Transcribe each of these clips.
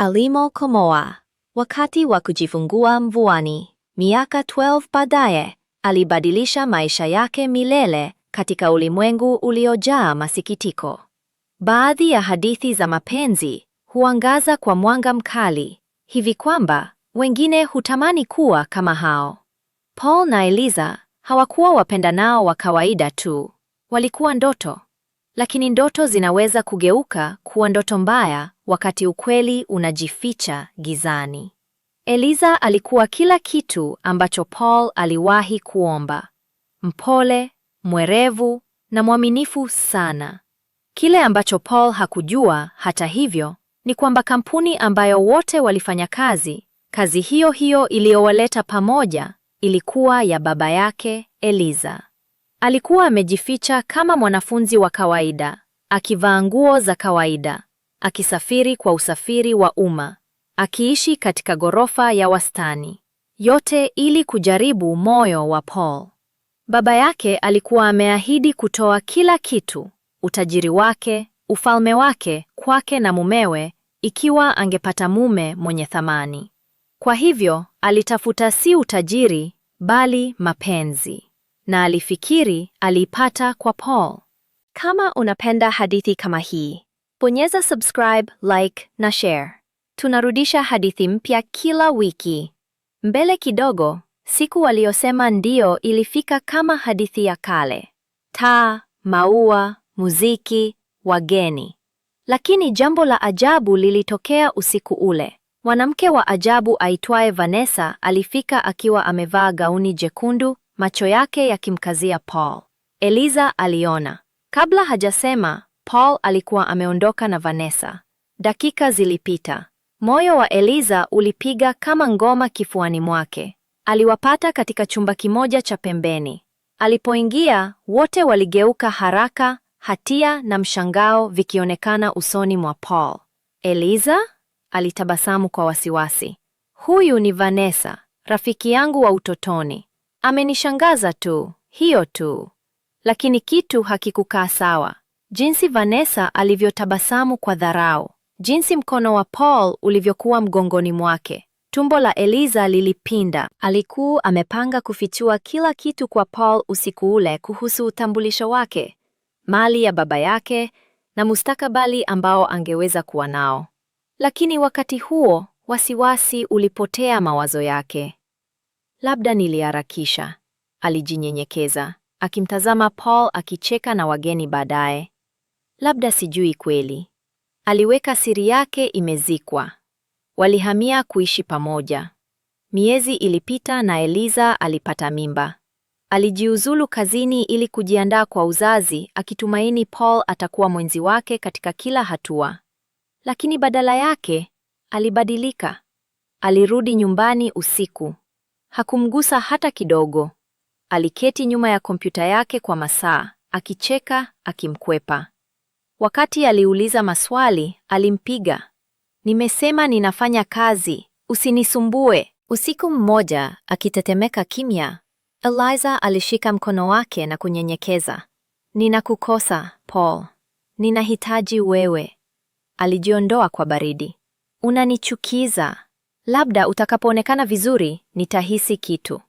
alimo komoa wakati wa kujifungua mvuani. Miaka 12 baadaye alibadilisha maisha yake milele katika ulimwengu uliojaa masikitiko. Baadhi ya hadithi za mapenzi huangaza kwa mwanga mkali hivi kwamba wengine hutamani kuwa kama hao. Paul na Eliza hawakuwa wapenda nao wa kawaida tu, walikuwa ndoto. Lakini ndoto zinaweza kugeuka kuwa ndoto mbaya wakati ukweli unajificha gizani. Eliza alikuwa kila kitu ambacho Paul aliwahi kuomba: mpole, mwerevu na mwaminifu sana. Kile ambacho Paul hakujua, hata hivyo, ni kwamba kampuni ambayo wote walifanya kazi, kazi hiyo hiyo iliyowaleta pamoja, ilikuwa ya baba yake Eliza. Alikuwa amejificha kama mwanafunzi wa kawaida, akivaa nguo za kawaida, akisafiri kwa usafiri wa umma, akiishi katika ghorofa ya wastani, yote ili kujaribu moyo wa Paul. Baba yake alikuwa ameahidi kutoa kila kitu, utajiri wake, ufalme wake kwake na mumewe, ikiwa angepata mume mwenye thamani. Kwa hivyo alitafuta si utajiri bali mapenzi, na alifikiri aliipata kwa Paul. Kama unapenda hadithi kama hii Bonyeza subscribe, like na share. Tunarudisha hadithi mpya kila wiki. Mbele kidogo, siku waliosema ndio ilifika kama hadithi ya kale: taa, maua, muziki, wageni. Lakini jambo la ajabu lilitokea usiku ule. Mwanamke wa ajabu aitwaye Vanessa alifika akiwa amevaa gauni jekundu, macho yake yakimkazia Paul. Eliza aliona kabla hajasema Paul alikuwa ameondoka na Vanessa. Dakika zilipita. Moyo wa Eliza ulipiga kama ngoma kifuani mwake. Aliwapata katika chumba kimoja cha pembeni. Alipoingia, wote waligeuka haraka, hatia na mshangao vikionekana usoni mwa Paul. Eliza alitabasamu kwa wasiwasi. Huyu ni Vanessa, rafiki yangu wa utotoni. Amenishangaza tu, hiyo tu. Lakini kitu hakikukaa sawa jinsi Vanessa alivyotabasamu kwa dharau, jinsi mkono wa Paul ulivyokuwa mgongoni mwake. Tumbo la Eliza lilipinda. Alikuwa amepanga kufichua kila kitu kwa Paul usiku ule kuhusu utambulisho wake, mali ya baba yake na mustakabali ambao angeweza kuwa nao. Lakini wakati huo wasiwasi ulipotea mawazo yake. Labda niliharakisha, alijinyenyekeza, akimtazama Paul akicheka na wageni baadaye. Labda sijui kweli. Aliweka siri yake imezikwa. Walihamia kuishi pamoja. Miezi ilipita na Eliza alipata mimba. Alijiuzulu kazini ili kujiandaa kwa uzazi, akitumaini Paul atakuwa mwenzi wake katika kila hatua. Lakini badala yake, alibadilika. Alirudi nyumbani usiku. Hakumgusa hata kidogo. Aliketi nyuma ya kompyuta yake kwa masaa, akicheka, akimkwepa. Wakati aliuliza maswali, alimpiga. Nimesema ninafanya kazi, usinisumbue. Usiku mmoja, akitetemeka kimya, Eliza alishika mkono wake na kunyenyekeza. Ninakukosa Paul, ninahitaji wewe. Alijiondoa kwa baridi. Unanichukiza, labda utakapoonekana vizuri nitahisi kitu.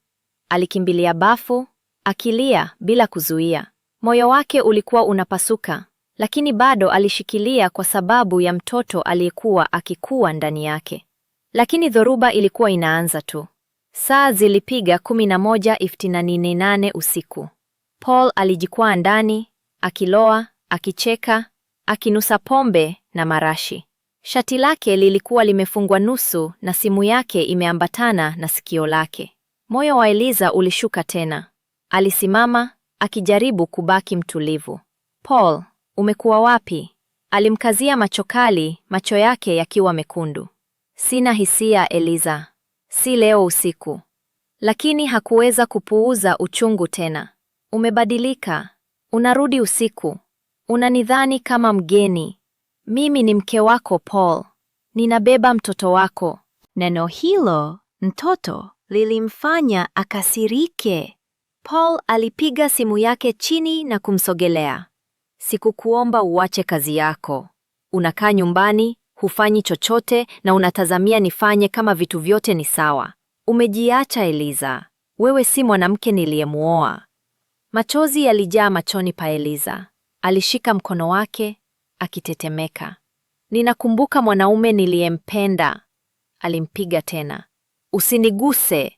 Alikimbilia bafu akilia bila kuzuia, moyo wake ulikuwa unapasuka lakini bado alishikilia kwa sababu ya mtoto aliyekuwa akikua ndani yake. Lakini dhoruba ilikuwa inaanza tu. Saa zilipiga 11:58 usiku. Paul alijikwaa ndani, akiloa, akicheka, akinusa pombe na marashi. Shati lake lilikuwa limefungwa nusu na simu yake imeambatana na sikio lake. Moyo wa Eliza ulishuka tena. Alisimama akijaribu kubaki mtulivu. Paul, Umekuwa wapi? Alimkazia macho kali, macho yake yakiwa mekundu. Sina hisia, Eliza. Si leo usiku. Lakini hakuweza kupuuza uchungu tena. Umebadilika. Unarudi usiku. Unanidhani kama mgeni. Mimi ni mke wako Paul. Ninabeba mtoto wako. Neno hilo mtoto lilimfanya akasirike. Paul alipiga simu yake chini na kumsogelea. Sikukuomba uache kazi yako. Unakaa nyumbani, hufanyi chochote na unatazamia nifanye kama vitu vyote ni sawa. Umejiacha Eliza, wewe si mwanamke niliyemuoa. Machozi yalijaa machoni pa Eliza. Alishika mkono wake akitetemeka. Ninakumbuka mwanaume niliyempenda. Alimpiga tena. Usiniguse.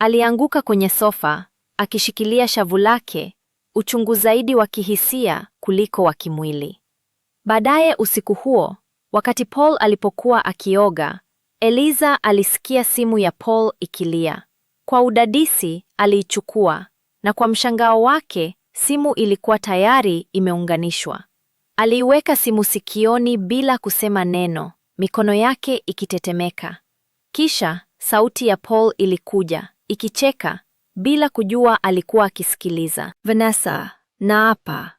Alianguka kwenye sofa akishikilia shavu lake uchungu zaidi wa kihisia kuliko wa kimwili. Baadaye usiku huo, wakati Paul alipokuwa akioga, Eliza alisikia simu ya Paul ikilia. Kwa udadisi aliichukua, na kwa mshangao wake simu ilikuwa tayari imeunganishwa. Aliiweka simu sikioni bila kusema neno, mikono yake ikitetemeka. Kisha sauti ya Paul ilikuja ikicheka, bila kujua alikuwa akisikiliza. Vanessa, naapa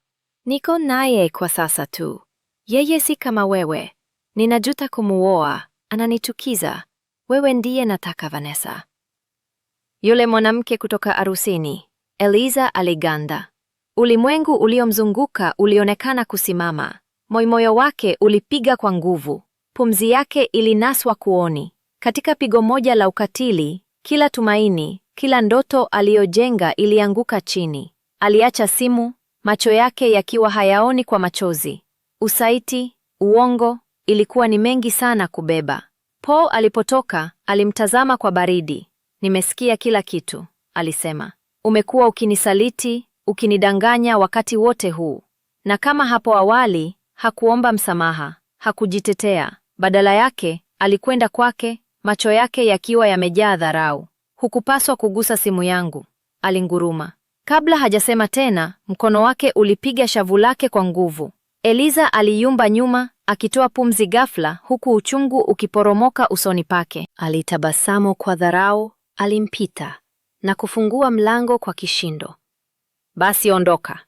niko naye kwa sasa tu, yeye si kama wewe. Ninajuta kumuoa, ananitukiza Wewe ndiye nataka, Vanessa. Yule mwanamke kutoka arusini, Eliza aliganda. Ulimwengu uliomzunguka ulionekana kusimama. Moyo wake ulipiga kwa nguvu, pumzi yake ilinaswa kuoni Katika pigo moja la ukatili, kila tumaini, kila ndoto aliyojenga ilianguka chini. Aliacha simu, macho yake yakiwa hayaoni kwa machozi. Usaiti, uongo, ilikuwa ni mengi sana kubeba. Paul alipotoka, alimtazama kwa baridi. Nimesikia kila kitu, alisema. Umekuwa ukinisaliti, ukinidanganya wakati wote huu. Na kama hapo awali, hakuomba msamaha, hakujitetea. Badala yake, alikwenda kwake macho yake yakiwa yamejaa dharau. Hukupaswa kugusa simu yangu, alinguruma. Kabla hajasema tena, mkono wake ulipiga shavu lake kwa nguvu. Eliza aliyumba nyuma, akitoa pumzi ghafla, huku uchungu ukiporomoka usoni pake. Alitabasamu kwa dharau, alimpita na kufungua mlango kwa kishindo. Basi ondoka,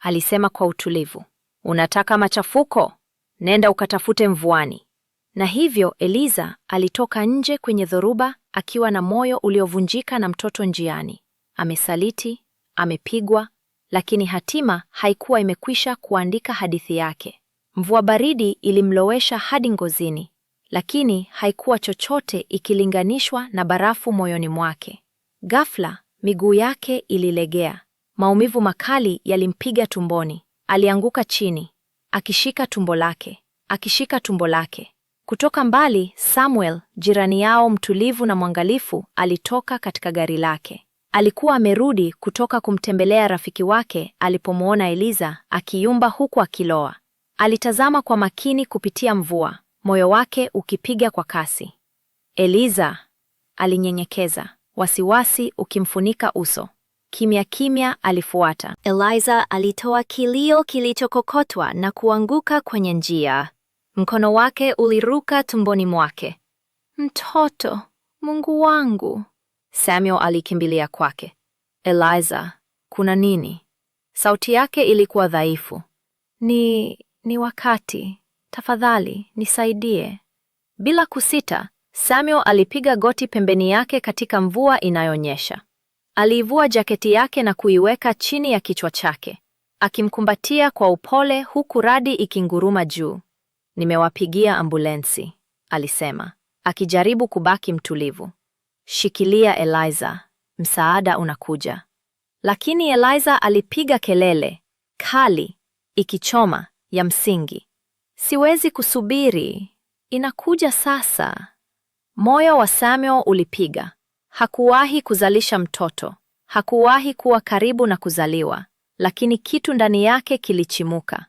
alisema kwa utulivu. Unataka machafuko? Nenda ukatafute mvuani na hivyo Eliza alitoka nje kwenye dhoruba akiwa na moyo uliovunjika na mtoto njiani. Amesaliti, amepigwa, lakini hatima haikuwa imekwisha kuandika hadithi yake. Mvua baridi ilimlowesha hadi ngozini, lakini haikuwa chochote ikilinganishwa na barafu moyoni mwake. Ghafla miguu yake ililegea, maumivu makali yalimpiga tumboni. Alianguka chini, akishika tumbo lake, akishika tumbo lake. Kutoka mbali, Samuel, jirani yao mtulivu na mwangalifu, alitoka katika gari lake. Alikuwa amerudi kutoka kumtembelea rafiki wake alipomwona Eliza akiyumba huku akiloa. Alitazama kwa makini kupitia mvua, moyo wake ukipiga kwa kasi. Eliza, alinyenyekeza, wasiwasi ukimfunika uso. Kimya kimya alifuata. Eliza alitoa kilio kilichokokotwa na kuanguka kwenye njia. Mkono wake uliruka tumboni mwake. Mtoto, Mungu wangu! Samuel alikimbilia kwake. Eliza, kuna nini? Sauti yake ilikuwa dhaifu. Ni ni wakati, tafadhali nisaidie. Bila kusita, Samuel alipiga goti pembeni yake katika mvua inayonyesha. Aliivua jaketi yake na kuiweka chini ya kichwa chake, akimkumbatia kwa upole huku radi ikinguruma juu. Nimewapigia ambulensi, alisema, akijaribu kubaki mtulivu. Shikilia Eliza, msaada unakuja. Lakini Eliza alipiga kelele kali, ikichoma ya msingi. Siwezi kusubiri, inakuja sasa. Moyo wa Samuel ulipiga. Hakuwahi kuzalisha mtoto, hakuwahi kuwa karibu na kuzaliwa, lakini kitu ndani yake kilichimuka,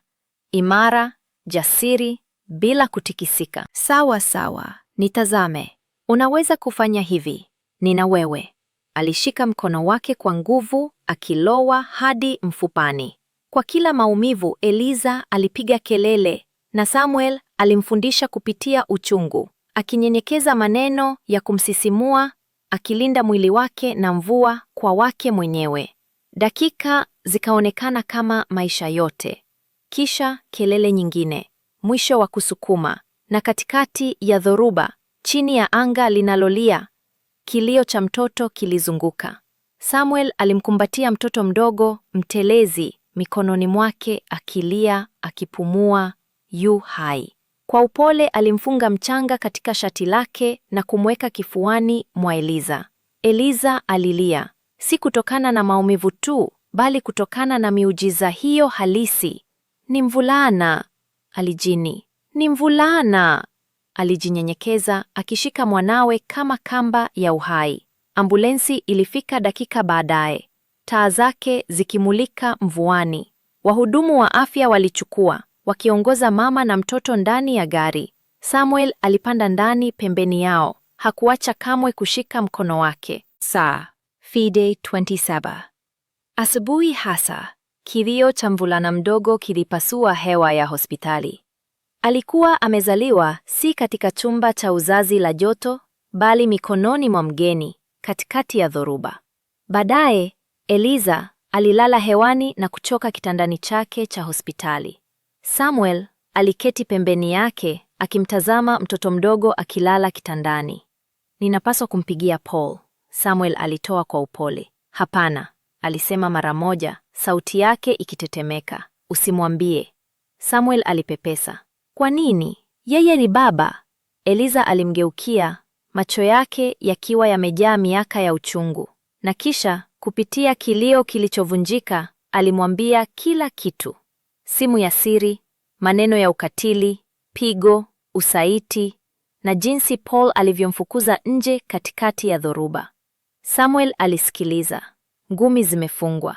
imara, jasiri bila kutikisika. Sawa sawa, nitazame. Unaweza kufanya hivi, nina wewe. Alishika mkono wake kwa nguvu, akilowa hadi mfupani. Kwa kila maumivu, Eliza alipiga kelele na Samuel alimfundisha kupitia uchungu, akinyenyekeza maneno ya kumsisimua, akilinda mwili wake na mvua kwa wake mwenyewe. Dakika zikaonekana kama maisha yote, kisha kelele nyingine mwisho wa kusukuma, na katikati ya dhoruba, chini ya anga linalolia, kilio cha mtoto kilizunguka. Samuel alimkumbatia mtoto mdogo mtelezi mikononi mwake, akilia, akipumua, yu hai. Kwa upole alimfunga mchanga katika shati lake na kumweka kifuani mwa Eliza. Eliza alilia, si kutokana na maumivu tu, bali kutokana na miujiza hiyo halisi. Ni mvulana, alijini. Ni mvulana, alijinyenyekeza akishika mwanawe kama kamba ya uhai. Ambulensi ilifika dakika baadaye, taa zake zikimulika mvuani. Wahudumu wa afya walichukua, wakiongoza mama na mtoto ndani ya gari. Samuel alipanda ndani pembeni yao, hakuacha kamwe kushika mkono wake. Saa Fide 27 asubuhi hasa. Kilio cha mvulana mdogo kilipasua hewa ya hospitali. Alikuwa amezaliwa si katika chumba cha uzazi la joto, bali mikononi mwa mgeni katikati ya dhoruba. Baadaye Eliza alilala hewani na kuchoka kitandani chake cha hospitali. Samuel aliketi pembeni yake akimtazama mtoto mdogo akilala kitandani. Ninapaswa kumpigia Paul, Samuel alitoa kwa upole. Hapana, alisema mara moja, sauti yake ikitetemeka. Usimwambie. Samuel alipepesa. Kwa nini? Yeye ni baba. Eliza alimgeukia, macho yake yakiwa yamejaa miaka ya uchungu, na kisha kupitia kilio kilichovunjika alimwambia kila kitu: simu ya siri, maneno ya ukatili, pigo, usaiti na jinsi Paul alivyomfukuza nje katikati ya dhoruba. Samuel alisikiliza, ngumi zimefungwa,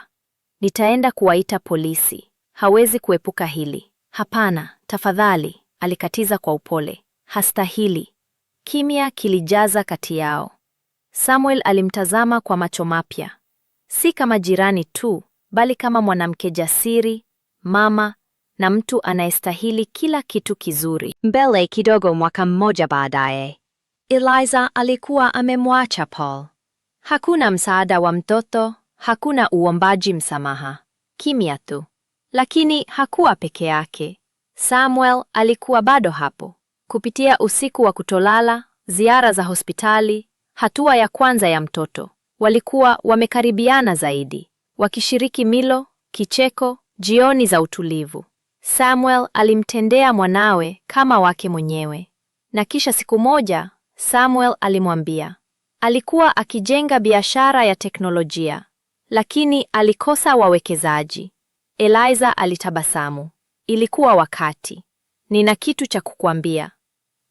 Nitaenda kuwaita polisi. Hawezi kuepuka hili. Hapana, tafadhali, alikatiza kwa upole. Hastahili. Kimya kilijaza kati yao. Samuel alimtazama kwa macho mapya, si kama jirani tu, bali kama mwanamke jasiri, mama na mtu anayestahili kila kitu kizuri. Mbele kidogo, mwaka mmoja baadaye, Eliza alikuwa amemwacha Paul. Hakuna msaada wa mtoto, Hakuna uombaji msamaha, kimya tu. Lakini hakuwa peke yake. Samuel alikuwa bado hapo. Kupitia usiku wa kutolala, ziara za hospitali, hatua ya kwanza ya mtoto, walikuwa wamekaribiana zaidi, wakishiriki milo, kicheko, jioni za utulivu. Samuel alimtendea mwanawe kama wake mwenyewe. Na kisha siku moja, Samuel alimwambia, alikuwa akijenga biashara ya teknolojia lakini alikosa wawekezaji. Eliza alitabasamu. Ilikuwa wakati. Nina kitu cha kukwambia.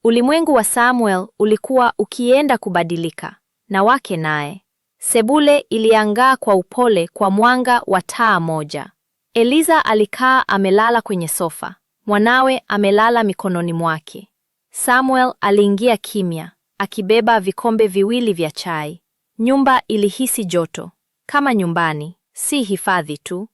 Ulimwengu wa Samuel ulikuwa ukienda kubadilika na wake naye. Sebule iliangaa kwa upole kwa mwanga wa taa moja. Eliza alikaa amelala kwenye sofa, mwanawe amelala mikononi mwake. Samuel aliingia kimya, akibeba vikombe viwili vya chai. Nyumba ilihisi joto kama nyumbani, si hifadhi tu.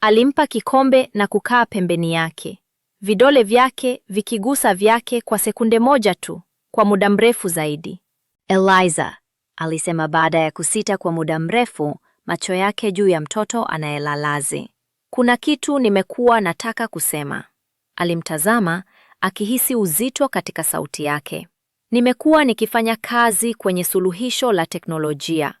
Alimpa kikombe na kukaa pembeni yake, vidole vyake vikigusa vyake kwa sekunde moja tu, kwa muda mrefu zaidi. Eliza, alisema baada ya kusita kwa muda mrefu, macho yake juu ya mtoto anayelalazi. Kuna kitu nimekuwa nataka kusema. Alimtazama akihisi uzito katika sauti yake. Nimekuwa nikifanya kazi kwenye suluhisho la teknolojia,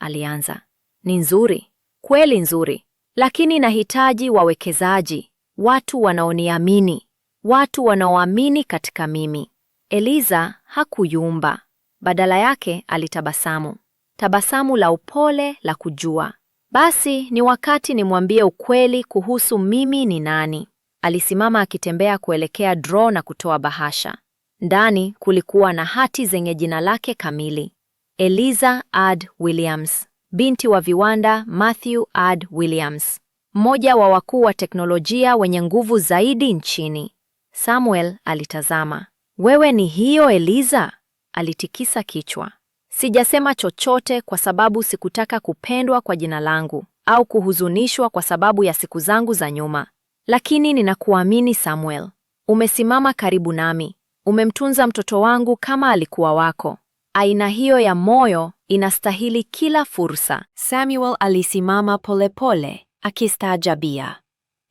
alianza ni nzuri, kweli nzuri, lakini nahitaji wawekezaji, watu wanaoniamini, watu wanaoamini katika mimi. Eliza hakuyumba, badala yake alitabasamu, tabasamu la upole la kujua basi ni wakati nimwambie ukweli kuhusu mimi ni nani. Alisimama akitembea kuelekea draw na kutoa bahasha. Ndani kulikuwa na hati zenye jina lake kamili, Eliza Ad Williams binti wa viwanda Matthew Ad Williams, mmoja wa wakuu wa teknolojia wenye nguvu zaidi nchini. Samuel alitazama. Wewe ni hiyo Eliza? Alitikisa kichwa. Sijasema chochote kwa sababu sikutaka kupendwa kwa jina langu au kuhuzunishwa kwa sababu ya siku zangu za nyuma. Lakini ninakuamini Samuel. Umesimama karibu nami. Umemtunza mtoto wangu kama alikuwa wako. Aina hiyo ya moyo inastahili kila fursa. Samuel alisimama polepole akistaajabia.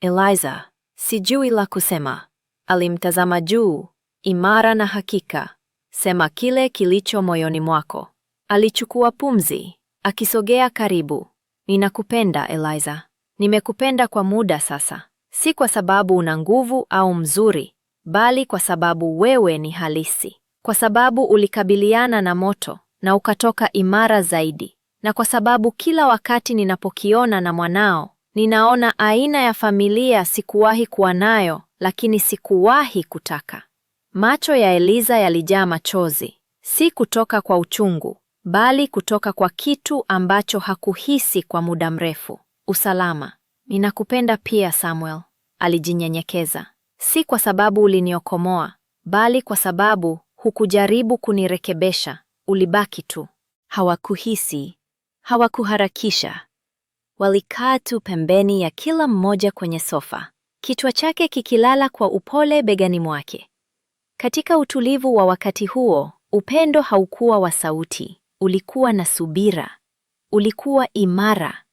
Eliza, sijui la kusema. Alimtazama juu, imara na hakika. Sema kile kilicho moyoni mwako. Alichukua pumzi, akisogea karibu. Ninakupenda Eliza. Nimekupenda kwa muda sasa. Si kwa sababu una nguvu au mzuri, bali kwa sababu wewe ni halisi kwa sababu ulikabiliana na moto na ukatoka imara zaidi, na kwa sababu kila wakati ninapokiona na mwanao, ninaona aina ya familia sikuwahi kuwa nayo, lakini sikuwahi kutaka. Macho ya Eliza yalijaa machozi, si kutoka kwa uchungu, bali kutoka kwa kitu ambacho hakuhisi kwa muda mrefu: usalama. Ninakupenda pia Samuel, alijinyenyekeza, si kwa sababu uliniokomoa, bali kwa sababu Hukujaribu kunirekebesha, ulibaki tu. Hawakuhisi, hawakuharakisha. Walikaa tu pembeni ya kila mmoja kwenye sofa, kichwa chake kikilala kwa upole begani mwake. Katika utulivu wa wakati huo, upendo haukuwa wa sauti, ulikuwa na subira, ulikuwa imara,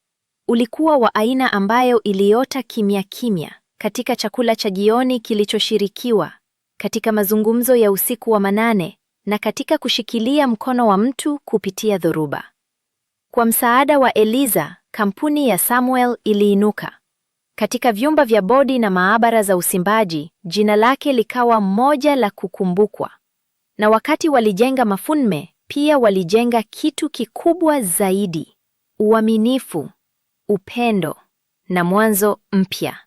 ulikuwa wa aina ambayo iliota kimya kimya katika chakula cha jioni kilichoshirikiwa katika mazungumzo ya usiku wa manane na katika kushikilia mkono wa mtu kupitia dhoruba. Kwa msaada wa Eliza, kampuni ya Samuel iliinuka. Katika vyumba vya bodi na maabara za usimbaji, jina lake likawa moja la kukumbukwa. Na wakati walijenga mafunme, pia walijenga kitu kikubwa zaidi: uaminifu, upendo na mwanzo mpya.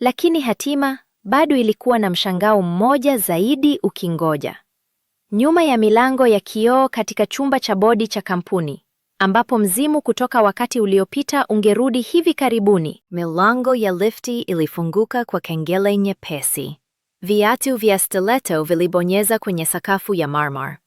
Lakini hatima bado ilikuwa na mshangao mmoja zaidi ukingoja. Nyuma ya milango ya kioo katika chumba cha bodi cha kampuni ambapo mzimu kutoka wakati uliopita ungerudi hivi karibuni. Milango ya lifti ilifunguka kwa kengele nyepesi. Viatu vya stiletto vilibonyeza kwenye sakafu ya marmar.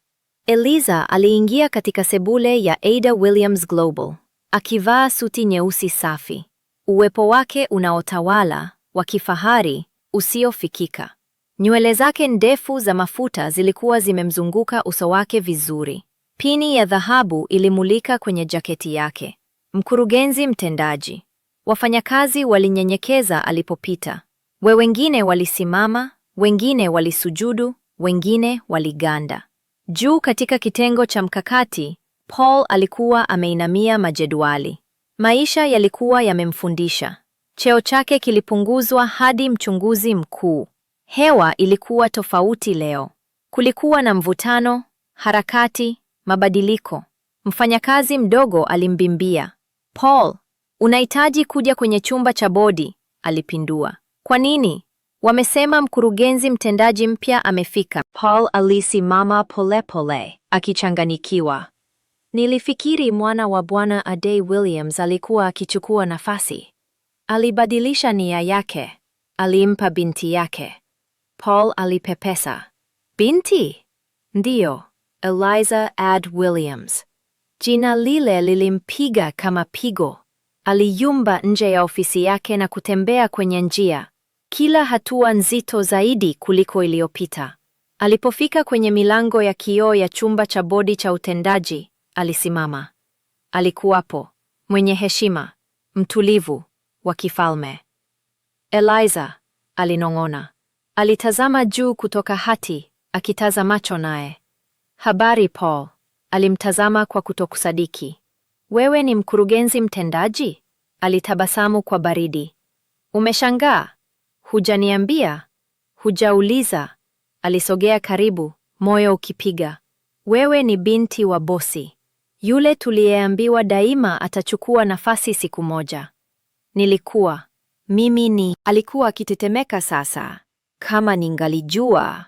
Eliza aliingia katika sebule ya Ada Williams Global akivaa suti nyeusi safi, uwepo wake unaotawala wa kifahari usiofikika. Nywele zake ndefu za mafuta zilikuwa zimemzunguka uso wake vizuri. Pini ya dhahabu ilimulika kwenye jaketi yake. Mkurugenzi mtendaji. Wafanyakazi walinyenyekeza alipopita. We wengine walisimama, wengine walisujudu, wengine waliganda. Juu katika kitengo cha mkakati, Paul alikuwa ameinamia majedwali. Maisha yalikuwa yamemfundisha. Cheo chake kilipunguzwa hadi mchunguzi mkuu. Hewa ilikuwa tofauti leo. Kulikuwa na mvutano, harakati, mabadiliko. Mfanyakazi mdogo alimbimbia, Paul, unahitaji kuja kwenye chumba cha bodi, alipindua. Kwa nini? Wamesema mkurugenzi mtendaji mpya amefika. Paul alisimama polepole akichanganikiwa. Nilifikiri mwana wa Bwana Aday Williams alikuwa akichukua nafasi. Alibadilisha nia yake, alimpa binti yake. Paul alipepesa. Binti? Ndiyo, Eliza Ad Williams. Jina lile lilimpiga kama pigo. Aliyumba nje ya ofisi yake na kutembea kwenye njia, kila hatua nzito zaidi kuliko iliyopita. Alipofika kwenye milango ya kioo ya chumba cha bodi cha utendaji, alisimama. Alikuwapo, mwenye heshima, mtulivu, wa kifalme. Eliza, alinong'ona. Alitazama juu kutoka hati, akitaza macho naye. Habari, Paul, alimtazama kwa kutokusadiki. Wewe ni mkurugenzi mtendaji? Alitabasamu kwa baridi. Umeshangaa? Hujaniambia, hujauliza. Alisogea karibu, moyo ukipiga. Wewe ni binti wa bosi yule tuliyeambiwa daima atachukua nafasi siku moja. Nilikuwa mimi ni. Alikuwa akitetemeka sasa. Kama ningalijua,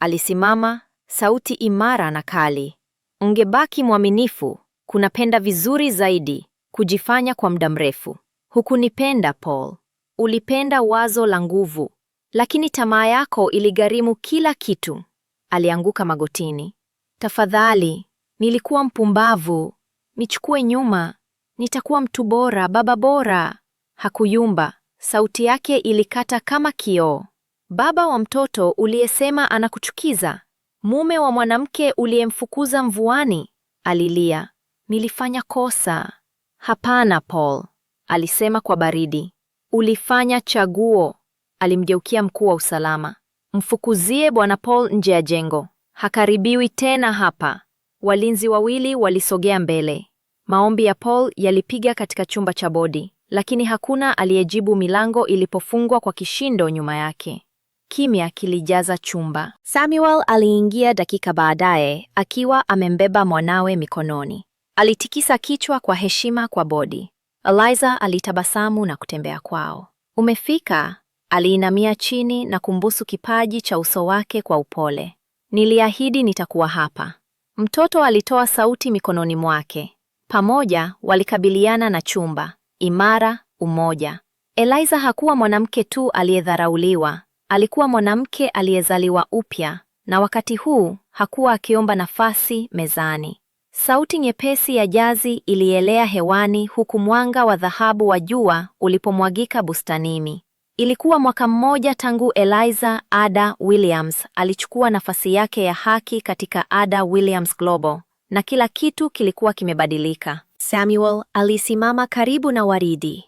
alisimama, sauti imara na kali. Ungebaki mwaminifu, kunapenda vizuri zaidi kujifanya kwa muda mrefu. Hukunipenda Paul, ulipenda wazo la nguvu, lakini tamaa yako iligharimu kila kitu. Alianguka magotini. Tafadhali, nilikuwa mpumbavu, nichukue nyuma, nitakuwa mtu bora, baba bora. Hakuyumba, sauti yake ilikata kama kioo. Baba wa mtoto uliyesema anakuchukiza, mume wa mwanamke uliyemfukuza mvuani, alilia. Nilifanya kosa. Hapana, Paul, alisema kwa baridi. Ulifanya chaguo. Alimgeukia mkuu wa usalama. Mfukuzie bwana Paul nje ya jengo. Hakaribiwi tena hapa. Walinzi wawili walisogea mbele. Maombi ya Paul yalipiga katika chumba cha bodi lakini hakuna aliyejibu milango ilipofungwa kwa kishindo nyuma yake. Kimya kilijaza chumba. Samuel aliingia dakika baadaye akiwa amembeba mwanawe mikononi. Alitikisa kichwa kwa heshima kwa Bodi. Eliza alitabasamu na kutembea kwao. Umefika? Aliinamia chini na kumbusu kipaji cha uso wake kwa upole. Niliahidi nitakuwa hapa. Mtoto alitoa sauti mikononi mwake. Pamoja walikabiliana na chumba imara, umoja. Eliza hakuwa mwanamke tu aliyedharauliwa, alikuwa mwanamke aliyezaliwa upya, na wakati huu hakuwa akiomba nafasi mezani. Sauti nyepesi ya jazi ilielea hewani huku mwanga wa dhahabu wa jua ulipomwagika bustanini. Ilikuwa mwaka mmoja tangu Eliza Ada Williams alichukua nafasi yake ya haki katika Ada Williams Global, na kila kitu kilikuwa kimebadilika. Samuel alisimama karibu na Waridi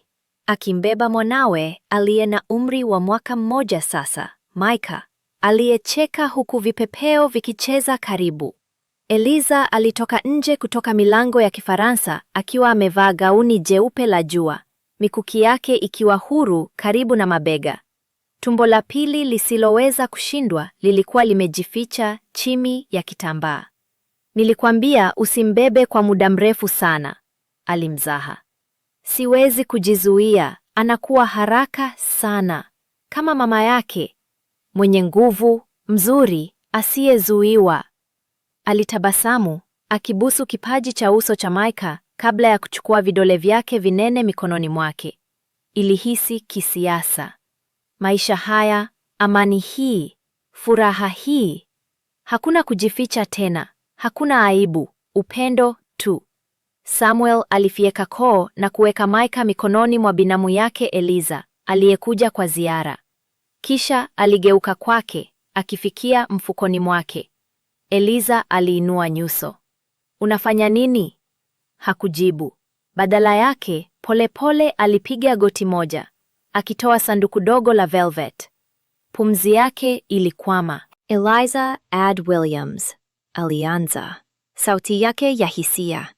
akimbeba mwanawe aliye na umri wa mwaka mmoja sasa, Maika, aliyecheka huku vipepeo vikicheza karibu. Eliza alitoka nje kutoka milango ya Kifaransa akiwa amevaa gauni jeupe la jua, mikuki yake ikiwa huru karibu na mabega. Tumbo la pili lisiloweza kushindwa lilikuwa limejificha chini ya kitambaa. Nilikwambia usimbebe kwa muda mrefu sana, alimzaha. Siwezi kujizuia, anakuwa haraka sana, kama mama yake, mwenye nguvu, mzuri, asiyezuiwa. Alitabasamu akibusu kipaji cha uso cha Maika kabla ya kuchukua vidole vyake vinene mikononi mwake. Ilihisi kisiasa. Maisha haya, amani hii, furaha hii, hakuna kujificha tena, hakuna aibu, upendo tu. Samuel alifyeka koo na kuweka Maika mikononi mwa binamu yake Eliza aliyekuja kwa ziara. Kisha aligeuka kwake akifikia mfukoni mwake. Eliza aliinua nyuso. Unafanya nini? Hakujibu. Badala yake, polepole pole alipiga goti moja, akitoa sanduku dogo la velvet. Pumzi yake ilikwama. Eliza Ad Williams alianza, sauti yake ya hisia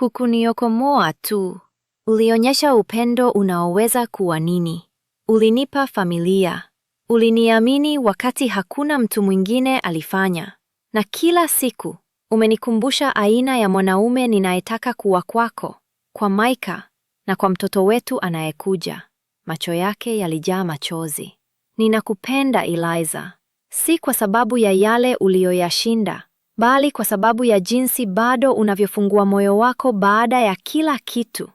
Hukuniokomoa tu, ulionyesha upendo unaoweza kuwa nini. Ulinipa familia, uliniamini wakati hakuna mtu mwingine alifanya, na kila siku umenikumbusha aina ya mwanaume ninayetaka kuwa kwako, kwa Maika na kwa mtoto wetu anayekuja. Macho yake yalijaa machozi. Ninakupenda Eliza, si kwa sababu ya yale uliyoyashinda, bali kwa sababu ya jinsi bado unavyofungua moyo wako baada ya kila kitu.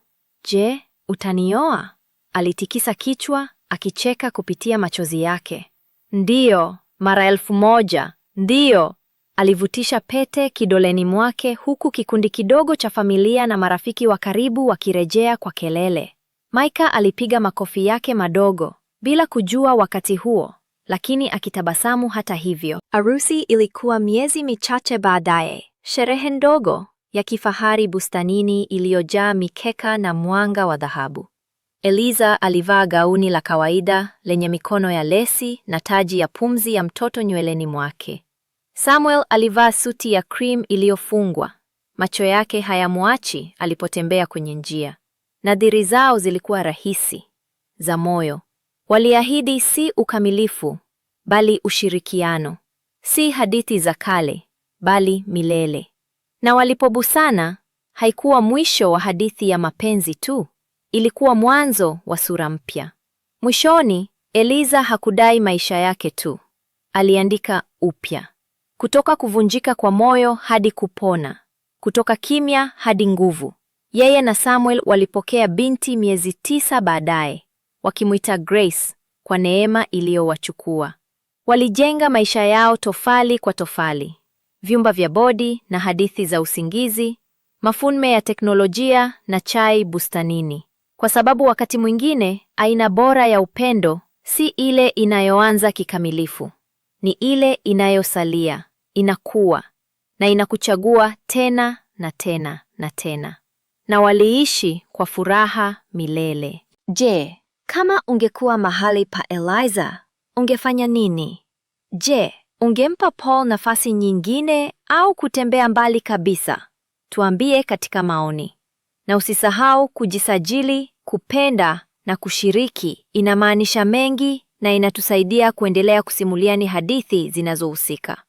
Je, utanioa? Alitikisa kichwa akicheka kupitia machozi yake. Ndiyo, mara elfu moja. Ndiyo. Alivutisha pete kidoleni mwake huku kikundi kidogo cha familia na marafiki wa karibu wakirejea kwa kelele. Maika alipiga makofi yake madogo bila kujua wakati huo lakini akitabasamu hata hivyo. Arusi ilikuwa miezi michache baadaye, sherehe ndogo ya kifahari bustanini iliyojaa mikeka na mwanga wa dhahabu. Eliza alivaa gauni la kawaida lenye mikono ya lesi na taji ya pumzi ya mtoto nyweleni mwake. Samuel alivaa suti ya cream iliyofungwa, macho yake hayamwachi alipotembea kwenye njia. Nadhiri zao zilikuwa rahisi, za moyo, Waliahidi si ukamilifu, bali ushirikiano, si hadithi za kale, bali milele. Na walipobusana, haikuwa mwisho wa hadithi ya mapenzi tu, ilikuwa mwanzo wa sura mpya. Mwishoni, Eliza hakudai maisha yake tu, aliandika upya, kutoka kuvunjika kwa moyo hadi kupona, kutoka kimya hadi nguvu. Yeye na Samuel walipokea binti miezi tisa baadaye wakimwita Grace kwa neema iliyowachukua. Walijenga maisha yao tofali kwa tofali, vyumba vya bodi na hadithi za usingizi, mafunme ya teknolojia na chai bustanini, kwa sababu wakati mwingine aina bora ya upendo si ile inayoanza kikamilifu, ni ile inayosalia, inakuwa na inakuchagua tena na tena na tena, na waliishi kwa furaha milele. Je, kama ungekuwa mahali pa Eliza, ungefanya nini? Je, ungempa Paul nafasi nyingine au kutembea mbali kabisa? Tuambie katika maoni. Na usisahau kujisajili, kupenda na kushiriki. Inamaanisha mengi na inatusaidia kuendelea kusimuliani hadithi zinazohusika.